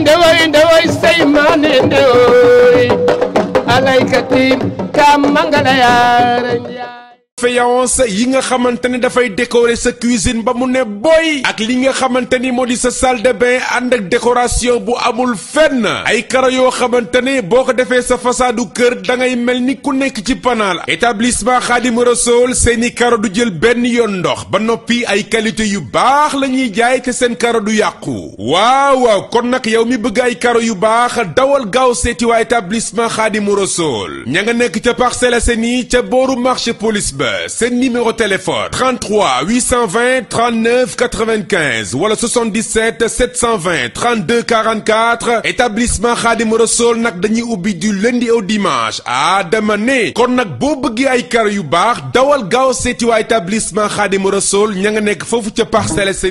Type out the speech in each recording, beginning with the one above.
ndewoy ndewoy ndewoy seymane ndewoy alaykati kam mangala yaara faïence yi nga xamante ni dafay décorer sa cuisine ba mu ne boy ak li nga xamante ni moo di sa salle de ànd ak décoration bu amul fenn ay karo yoo xamante ni boo ko defee sa façadu kër da ngay mel ni ku nekk ci panaal établissement Khadim Rassoul seeni karo du jël benn yoon ndox ba noppi ay qualité yu baax la ñuy jaay te seen karo du yàqu waaw waaw kon nag yow mi bëgg ay karo yu baax dawal gaaw seeti waa établissement Khadim Rassoul ña nga nekk ca Parcelles Assainies ca booru marché police ba C'est euh, le numéro de téléphone 33 820 39 95 alors 77 720 32 44 établissement Khadim Rassoul n'a dañuy ubbi du lundi au dimanche ah dama Quand kon nag boo ay kar yu bax dawal gaaw établissement Khadim Rassoul ña nga nekk fofu ci parcelle ci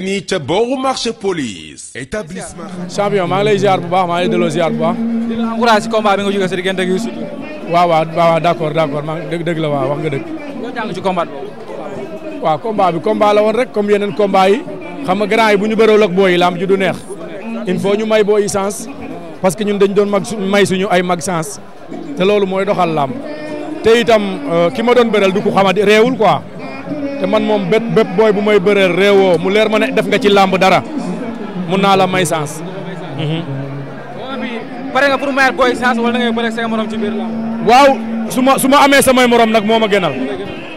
marché police établissement. champion maa lay ziar bu bax ma ngi lay delloo ziar bu baax. combat bi nga jogé ci diggante ak Youssou. waaw waaw d'accord, d'accord la wax nga jàng ci combat boobu. wa combat bi combat la woon rek comme yeneen combat yi xam nga grand yi bu ñu ak booy yi lamb ji du neex il faut ñu may booy yi sens parce que ñun dañ doon mag may suñu ay mag sens te loolu mooy doxal lamb te itam euh, ki ma doon bëreel du ko xamadi réewul quoi te man moom bépp bépp booy bu may bëreel rewo. mu leer ma ne def nga ci lamb dara mun naa la may sens. Mhm. pare nga pour mayaat booy sens wala da ngay bëre sa morom ci biir lamb. waaw su ma su ma amee morom nag moo gënal.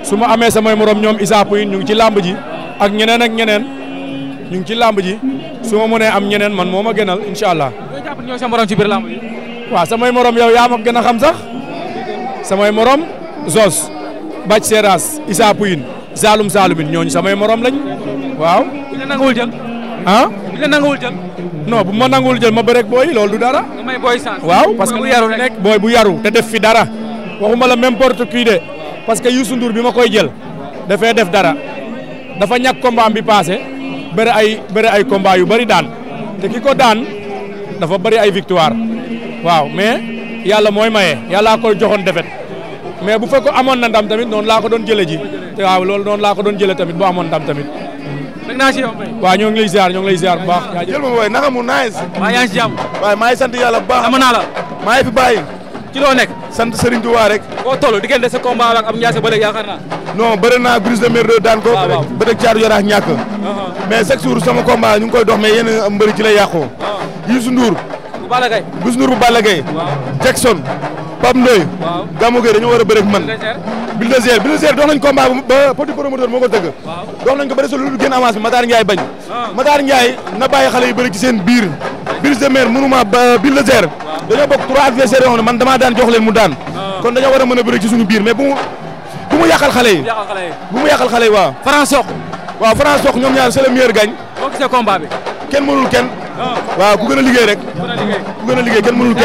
su ma amee samay morom ñoom isaapu yi ñu ci làmb ji ak ñeneen ak ñeneen ñu ngi ci làmb ji su ma mënee am ñeneen man moom ma gënal incha allah. ñoo sa morom ci biir làmb waaw samay morom yow yaa ma gën a xam sax samay morom Zos Bac Seras isaapu yi Saalum Saalumin ñooñu samay moroom lañ waaw. bu la nanguwul jël. ah bu la nanguwul jël. bu ma nanguwul jël ma bëreeg booy loolu du dara. damay booy waaw parce que bu yaru nekk booy bu yaru te def fi dara waxuma la n'importe qui de. parce que Youssou Ndour bi ma koy jël dafay def dara dafa ñak combat bi passé bari ay bari ay combat yu bari daan te kiko ko daan dafa bari ay victoire waaw mais yalla moy maye yalla ko joxone defet mais bu fekkoon amoon na ndam tamit non la ko don jëlé ji te waaw lool non la ko don jëlé tamit bu amoon ndam tamit. waaw ñoo ngi lay ziar ñoo ngi lay ziar bu baax. jël ma booy naka mu nice waaw yaa ngi si jàmm. waaye maa ngi bu baax. la fi bàyyi. ci loo nekk sant Serigne Touba rek koo toll diggante sa combat ak Abou Ndiassé ba léegi yaakaar naa non bëri naa brise de mer daan ko ba dëgg caatu yaraax ñàkk uh-huh. mais chaque jour sama combat ñu ngi koy dox mais yéen a mbëri ci lay yàqoo uh-huh. Youssou bu Balla Gaye Youssou Ndour Jackson Pape Ndoye. waaw Gamou Gueye dañoo war a bëre ak man. Bulldozer Bulldozer dox nañ combat ba petit promoteur moo ko tëgg. waaw ko ba desul lu génn avance bi Matar Ndiaye bañ. Ah. Matar Ndiaye na bàyyi xale yi bëri ci seen biir. Brise de Mer mënuma ba Bulldozer. waaw dañoo bokk trois adversaires man damaa daan jox leen mu daan. Ah. kon dañoo war a mën a bëri ci suñu biir mais bu mu bu xale yi. bu mu yàqal xale yi waaw. Franc Sokh. waaw ñoom ñaar c'est le meilleur kenn mënul kenn. Ah. a liggéey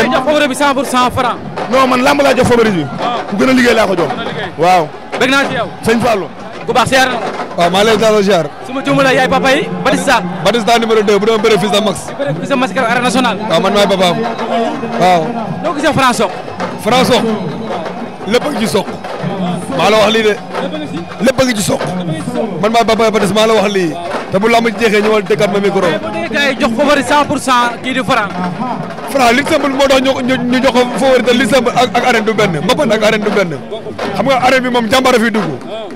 a non man lamb laa jox favori bi. Ah. ku gën a liggéey laa ko jox. waaw. bëgg naa ci yow. ku baax ziar waaw maa lay daaloo ziar. su ma juumalee yaay papa yi Batista. Batista numéro 2 bu doon bëre fils de Max. bëre fils de Max keroog waaw man maay papaam waaw. noo gisee Franc Sokh. Franc Sokh lépp a ngi ci Sokh. maa la wax lii de. lépp a ngi ci Sokh. man maay papa Batista maa la wax lii. te bu lamb ci jeexee ñëwal dëkkat ma micro. mais bu dee gars yi jox favori 100 pour 100 kii di Franc li simple moo tax ñu jox ko favori te li simple ak arène du benn mbappan ak arène du benn xam nga arène bi moom jàmbaar fi dugg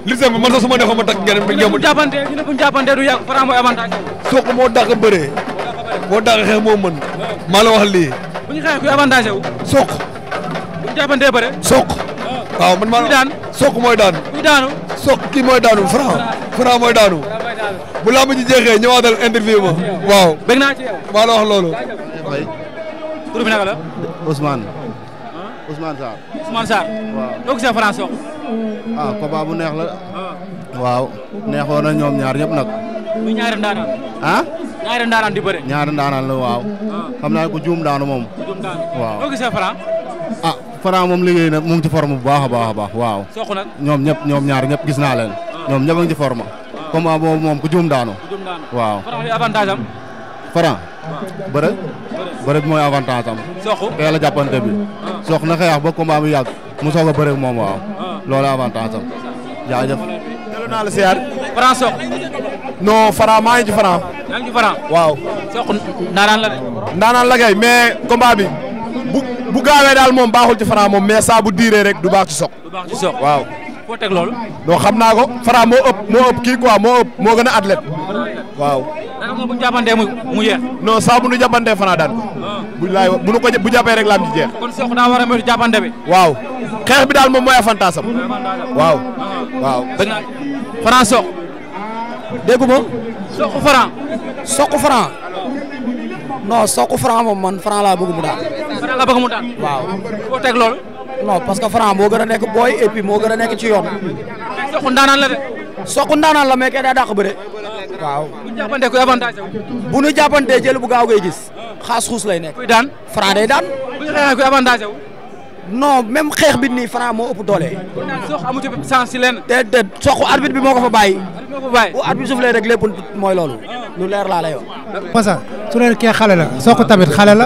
Japan dia man Japan dia ma neexoon ma takk ngeen ngeen bu jàppante ñu ne bu jàppante du yàgg Franc mooy avantage sok, moo dàq bëree moo dàq xeex moo mën maa la wax lii bu ñu xeex kuy avantage wu soq bu jàppante bëre soq waaw man daan daan daanu daanu daanu bu ma ji interview ma waaw ci yow la wax tur bi naka la. Ousmane. Ousmane Sarr. Ousmane Sarr. waaw doo ah, bu neex la. Ah. waaw neexoon na ñoom ñaar ñëpp nag. muy ñaari ndaanaan. ah. ñaari ndaanaan di bëre. ñaari ndaanaan la waaw. Ah. xam naa ko juum daanu moom. juum waaw doo gisee moom liggéey na mu ngi ci forme bu baax a baax a baax waaw. sox nag ñoom ñaar ñëpp gis naa leen. ñoom ñëpp a ngi ci forme. moom ku juum daanu. waaw. Franc. bërëg bërëg mooy avantage am. soxu teel a jàppante bi. sox na xeex ba combat bi yàgg mu soog a bërëg moom waaw. loolu avantage am. jaajëf. delloo naa la siyaar. Franc sox. non Franc maa ngi ci Franc. maa ngi ci Franc. waaw. sox ndaanaan la de. ndaanaan bu gaawee daal moom baaxul ci moom mais saa bu diiree rek du baax ci waaw. foo teg loolu. non xam naa ko Franc moo ëpp moo ëpp kii quoi moo ëpp moo gën a athlète waaw. daanaka bu ñu jàppantee mu mu yeex. non saa bu ñu jàppantee Franc daan ko. Ah. buñ laay bu ñu ko bu jàppee rek laam ji jeex. kon Sokh daa war a moytu jàppante bi. waaw xeex bi daal moom mooy avantage am. waaw. Ah. waaw dañ Franc Sokh. déggu ma. Sokh Franc. Sokh Franc. non Sokh Franc moom man Franc laa bëgg mu daan. Franc laa bëgg mu daan. waaw. foo teg loolu. non parce que Franc moo gën a nekk booy et moo gën a nekk ci yoon. soxu la de. soxu ndaanaan la mais kay daa dàq ba de. waaw bu ñu jàppante ku bu gaaw ngay gis xaas xuus lay nekk. kuy daan Franc day daan. bu ñu xeexee ku même xeex bi nii Franc moo ëpp doole. sox amu bi moo ko fa bu arbitre suuf lay rek lépp mooy loolu. Ah. lu leer laa lay wax. parce que su ne la sox tamit xale la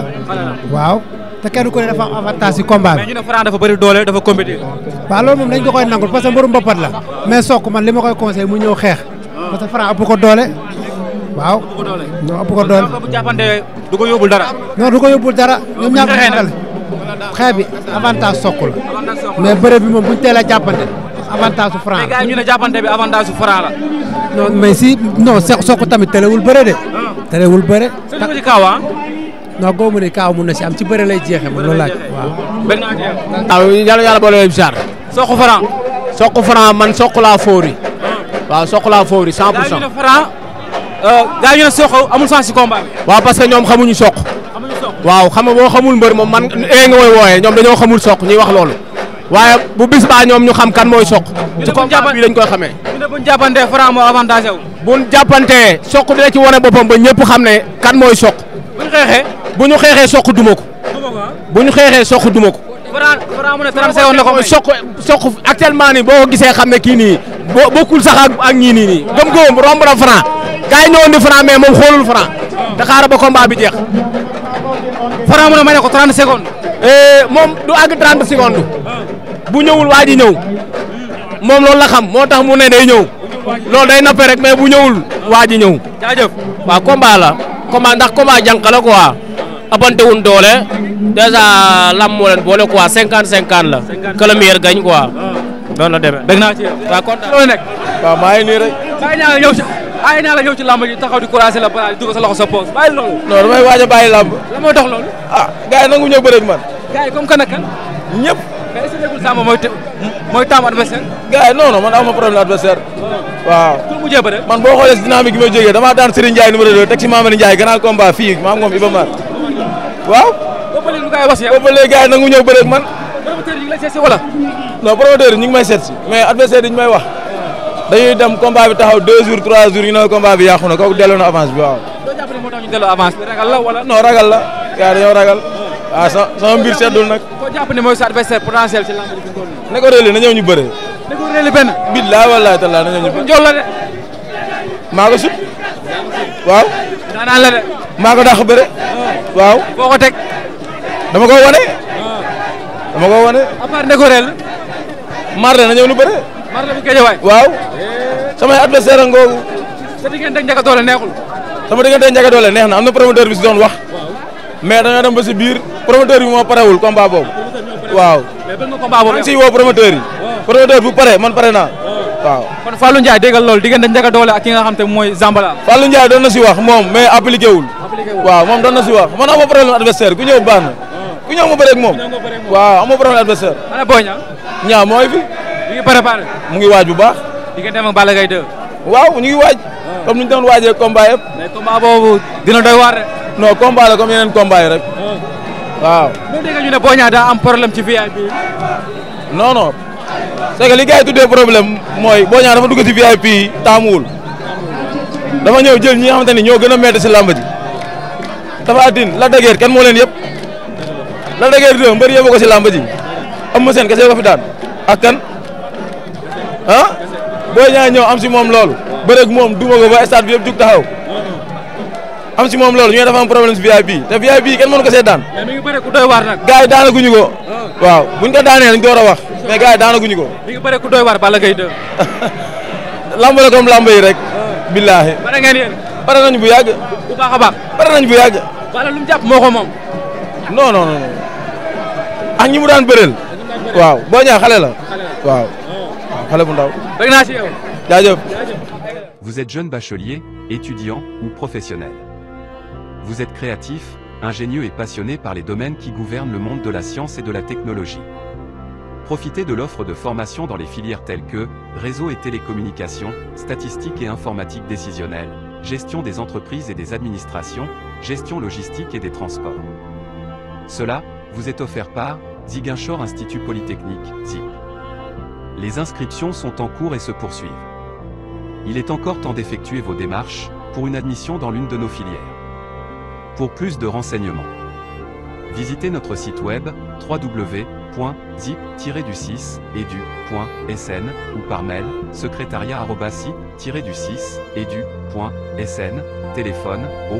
te kenn ku ne dafa am avantage ci combat bi. mais ñu ne Franc dafa bëri doole loolu moom dañ ko koy nangul parce que mbëru la mais Sokh man li ma koy conseillé mu ñëw xeex parce que Franc ko doole. waaw ëpp ko doole non ëpp du ko yóbbul dara. non du ko yóbbul dara ñoom ñaar xeexal xeex bi avantage Sokh mais bëre bi moom buñ teel a jàppante avantage su ñu ne jàppante bi avantage su Franc la. non si non Sokh tamit telewul bëre de. Ah. telewul bëre. sëñ bi ci non góobu ne kaaw mun na si am ci bëre lay jeexee ma loolu laaj waaw. benn waaw yàlla yàlla boole yëpp saar. soq franc. soq franc man soq laa foori. Ah. waaw soq laa foori 100 pour cent. gaa ñu ne franc. Euh, gaa ñu ne soq amul sens si combat waaw parce que ñoom xamuñu soq. waaw xam nga boo xamul mbër moom man ee eh, nga koy wooyee ñoom dañoo xamul soq ñuy wax loolu. waaye bu bis baa ñoom ñu xam kan mooy soq. ci combat bi lañ koy xamee. ñu ne wu. bu ñu jàppantee soq dina ci wane boppam ba ñëpp xam ne kan mooy soq. bu ñu xeexee soq duma ko. ñu xeexee soq duma ko. Franc Franc mu soq soq actuellement nii boo gisee xam ne kii nii boo bokkul sax ak ak ñii nii nii gëm góom romb na Franc gars yi ñoo indi mais moom xoolul Franc te xaaral ba combat bi jeex. Franc mu ne may ne ko 30 secondes. Eh, moom du àgg 30 secondes. bu ñëwul waa ji ñëw. moom loolu la xam moo tax mu ne day ñëw. loolu day nappe rek mais bu ñëwul waa ji ñëw. jaajëf waaw combat la. combat ndax combat jànq la quoi. abante wuñ doole dèjà lam moo leen boole quoi cinquante cinquante la. que le meilleur gagne quoi. noonu la demee dégg naa ci yow. waaw kontaan loolu nekk. waaw maa ngi nii rek. bàyyi naa la ñëw ci bàyyi naa la ñëw ci làmb ji taxaw di couragé la balaa di dugal sa loxo sa poos bàyyi loolu. non damay waaj a bàyyi làmb. la moo tax loolu. ah gars yi nangu ñëw bëreeg man. gars yi comme kan ak kan. ñëpp. mais est-ce que nekkul Samba mooy mooy taamu adversaire. gars yi non non man amuma problème adversaire. waaw pour mujjee bëre. man boo xoolee si dynamique bi ma jógee damaa daan Serigne Ndiaye numéro 2 teg ci Mamadou Ndiaye gannaaw combat fii maa ngi moom Iba Mar waaw. ba léegi lu koy wax yow. ba léegi gars yi nangu ñëw bëreeg man. promoteur yi ñu ngi lay seet si wala. non promoteur yi ñu ngi may seet si mais adversaire yi ñu may wax. dañuy dem combat bi taxaw 2 jours 3 jours ñu ne combat bi yàqu na kooku delloo na avance bi waaw. doo jàpp ne moo tax ñu delloo avance bi ragal la wala. non ragal la gars dañoo ragal. waaw hmm. ah, sa sama mbir seddul nag. koo jàpp ne mooy sa adversaire potentiel ci lamb bi. ne ko réeli na ñëw ñu bëree. ne ko réeli benn. billaay wallaay tallaay na ñëw ñu bëree. njool la de. maa ko sut. waaw. daanaan la de. mako ko dàq waw waaw tek dama ko woné ah. dama ko woné à part ko rel marde na ñew lu bëre. marde bu géej way waw eh. sama adversaire ngoogu. sa digënde ak ñaka doole neexul. sama digënde ak ñaka doole neex na am promoteur bi ci doon wax. mais da nga dem ba ci biir promoteur bi moo parewul combat boobu. waw mais ben nga combat boobu ci wo promoteur yi. promoteur bu paré man paré na waaw kon Fallou degal lol digënde ak ñaka doole ak ki nga xamanté moy Zambala. fallu Ndiaye do na ci wax mom mais appliqué wul waaw moom doon na si wax man amoo problème adversaire ku ñëw baax na ku ñëw ma bëreeg moom waaw amoo problème adversaire ana booy ñaa ñaa mooy fi ñu ngi préparé mu ngi waaj bu baax dem ak Balla Gaye 2 waaw ñu ngi waaj comme ni ñu doon waajee combat yëpp mais combat boobu dina doy waar rek non combat la comme yeneen combat yi rek waaw mais dégg ñu ne booy ñaa daa am problème ci VIP bi non non c'est que li gars yi tuddee problème mooy booy ñaa dafa dugg ci VIP yi taamuwul dafa ñëw jël ñi nga xamante ni ñoo gën a métti si làmb ji Tapha Tine Lac de Guiers kan moo leen yëpp Lac de Guiers 2 ko ci lamb ji am ma sen kesse ko fi daan ak kan han booy ñaa ñew am ci mom lool bërëg mom duma ko ba stade bi yeb jug taxaw am ci mom lool ñu dafa am problème ci VIP te VIP ken mo ko see daan. mais mi ngi bëre ku doy waar nag. gars yi guñu ko. Oh. waaw buñ ko daanee ñu doora wax mais gars yi guñu ko. mi ngi bëre ku doy war ba la gay de lamb la comme lamb yi rek. Oh. billaahi. pare ngeen yeen pare nañ bu yàgg. bu baaxa baax. pare nañ bu yàgg. Vous êtes jeune bachelier, étudiant ou professionnel. Vous êtes créatif, ingénieux et passionné par les domaines qui gouvernent le monde de la science et de la technologie. Profitez de l'offre de formation dans les filières telles que réseau et télécommunications, statistiques et informatique décisionnelle, gestion des entreprises et des administrations, gestion logistique et des transports. Cela vous est offert par Ziguinchor Institut Polytechnique, ZIP. Les inscriptions sont en cours et se poursuivent. Il est encore temps d'effectuer vos démarches pour une admission dans l'une de nos filières. Pour plus de renseignements, visitez notre site web www.zip-du6edu.sn ou par mail secrétariat du 6 edusn téléphone au